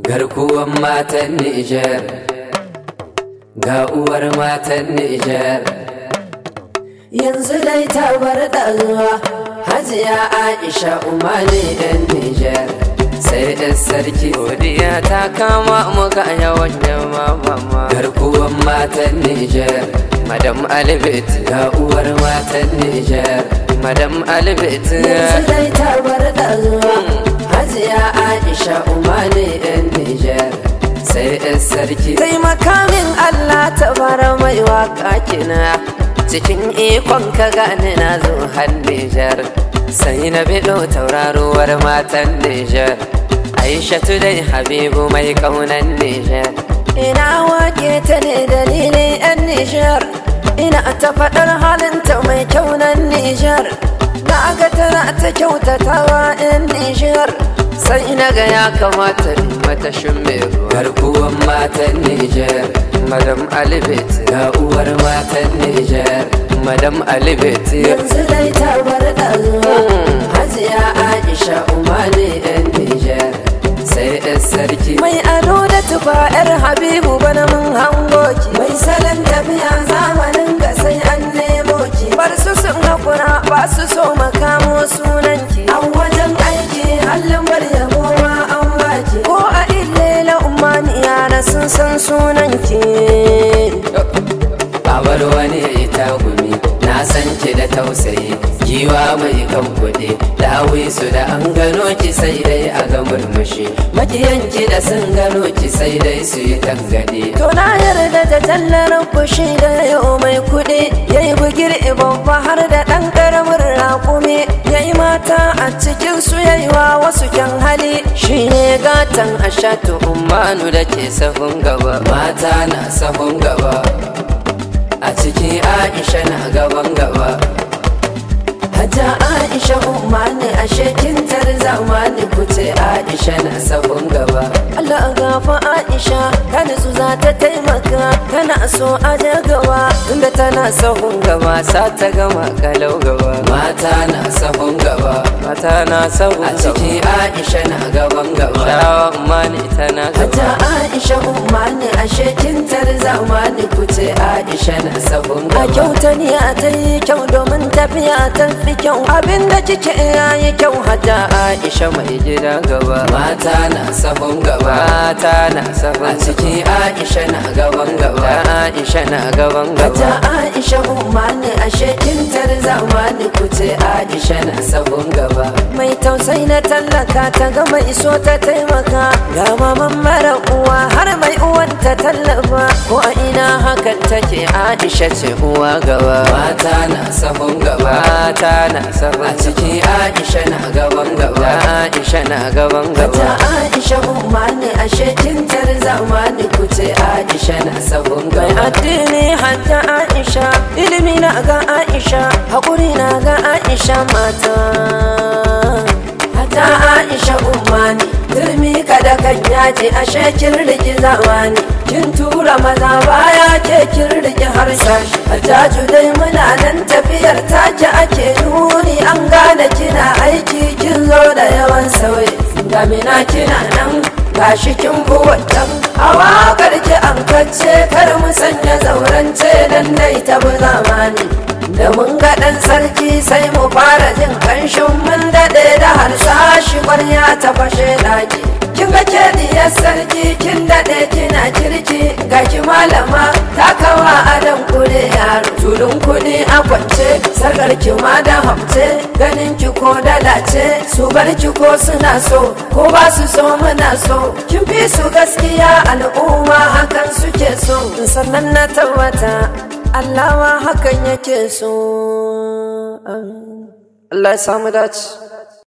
Garkuwan matan Nijar ga uwar matan Nijar. Yanzu dai ta bar zuwa Hajiya Aisha Umani ɗan Nijar. Sai ɗan sarki godiya ta kama muka ya jama mama. Garkuwan matan Nijar. Madam Albert, ga uwar matan Nijar. Madam Albert, Yanzu dai ta bar zuwa. Hmm. hajiya aisha umani yan nijar sai yan sarki sai makamin allah ta fara mai waka kina cikin ikon ka gane na zo har nijar sai na bido tauraruwar matan nijar aisha dai habibu mai kaunan nijar ina wake ta ne dalilin yan nijar ina ta faɗar halinta mai kyau nan nijar na ga tana ta kyautatawa yan nijar san ina ga ya kamata in mata shimmero garkuwan matan Nijar madam alibet ga uwar matan Nijar madam alibet yanzu dai ta bar ɗazuwa mm. hajiya aisha umani yan Nijar sai yan sarki mai ado da tufa yar habibu bana mun hango ki mai salon tafiya zamanin ga sai an nemo ki bar su sun hakura ba su so makamu san sunan ki tausayi giwa mai kan kuɗi su da an gano ki sai dai a ga murmushi makiyanki da sun gano ki sai dai su yi tangade to na yarda da kushi da yau mai kuɗi ya yi bugir babba har da ɗan ƙaramin raƙumi ya yi mata a cikin su yi wa wasu kyan hali shi ne gatan a ashatu ummanu da ke sahun gaba mata na sahun gaba a ciki aisha na gaba Aisha na sabon gaba Allah a gafa Aisha ta nutsu za ta taimaka tana so a jagawa, tunda tana sabon gaba sa ta gama kalau gaba mata na sabon gaba mata na sabon gaba a ciki Aisha na gaban gaba shawa umma ne tana gaba hata Aisha umma ne ashe kin tar zamani kuce Aisha na sabon gaba a kyauta ne a ta yi kyau domin tafiya ta fi kyau abinda kike yi kyau hada Aisha mai gida gaba mata na sabon gaba mata na gaba. a ciki Aisha na gaban gaba Aisha na gaban gaba ta Aisha umma ne ashe kin tar zamani kuce Aisha na sabon gaba mai tausayi na tallaka ta gama iso ta taimaka ga maman mara uwa har mai uwan ta tallafa ko a ina hakan take Aisha ce uwa gaba mata na sabon gaba gaba mata na sahun a ciki aisha na gaban gaba aisha na gaban gaba ta aisha umma ne shekin tar zamani ce aisha na sabon gaba addini hatta aisha ilimi na ga aisha hakuri na ga aisha mata hatta aisha umma ne turmi kada kan daji ashe kin riki zamani kin tura maza baya ke kin riki harsashi a jaju dai muna nan tafiyar take ake nuni an gane kina aiki kin zo da yawan sauyi damina kina nan gashi kin buwatan hawa karki an kacce kar mu sanya zaurance dan dai bu zamani da mun ga ɗan sarki sai mu fara jin kanshin mun daɗe da harsashi kwarya ta fashe ɗaki ke diya sarki kin daɗe kina kirki ga ki malama ta kawa adam kure yaro tulun kuni a kwance sarkar ki ma da hamce ganin ki ko dalace su bar ki ko suna so ko ba su so muna so kin fi su gaskiya al'umma hakan suke so sannan na tabbata Allah hakan yake so Allah ya samu dace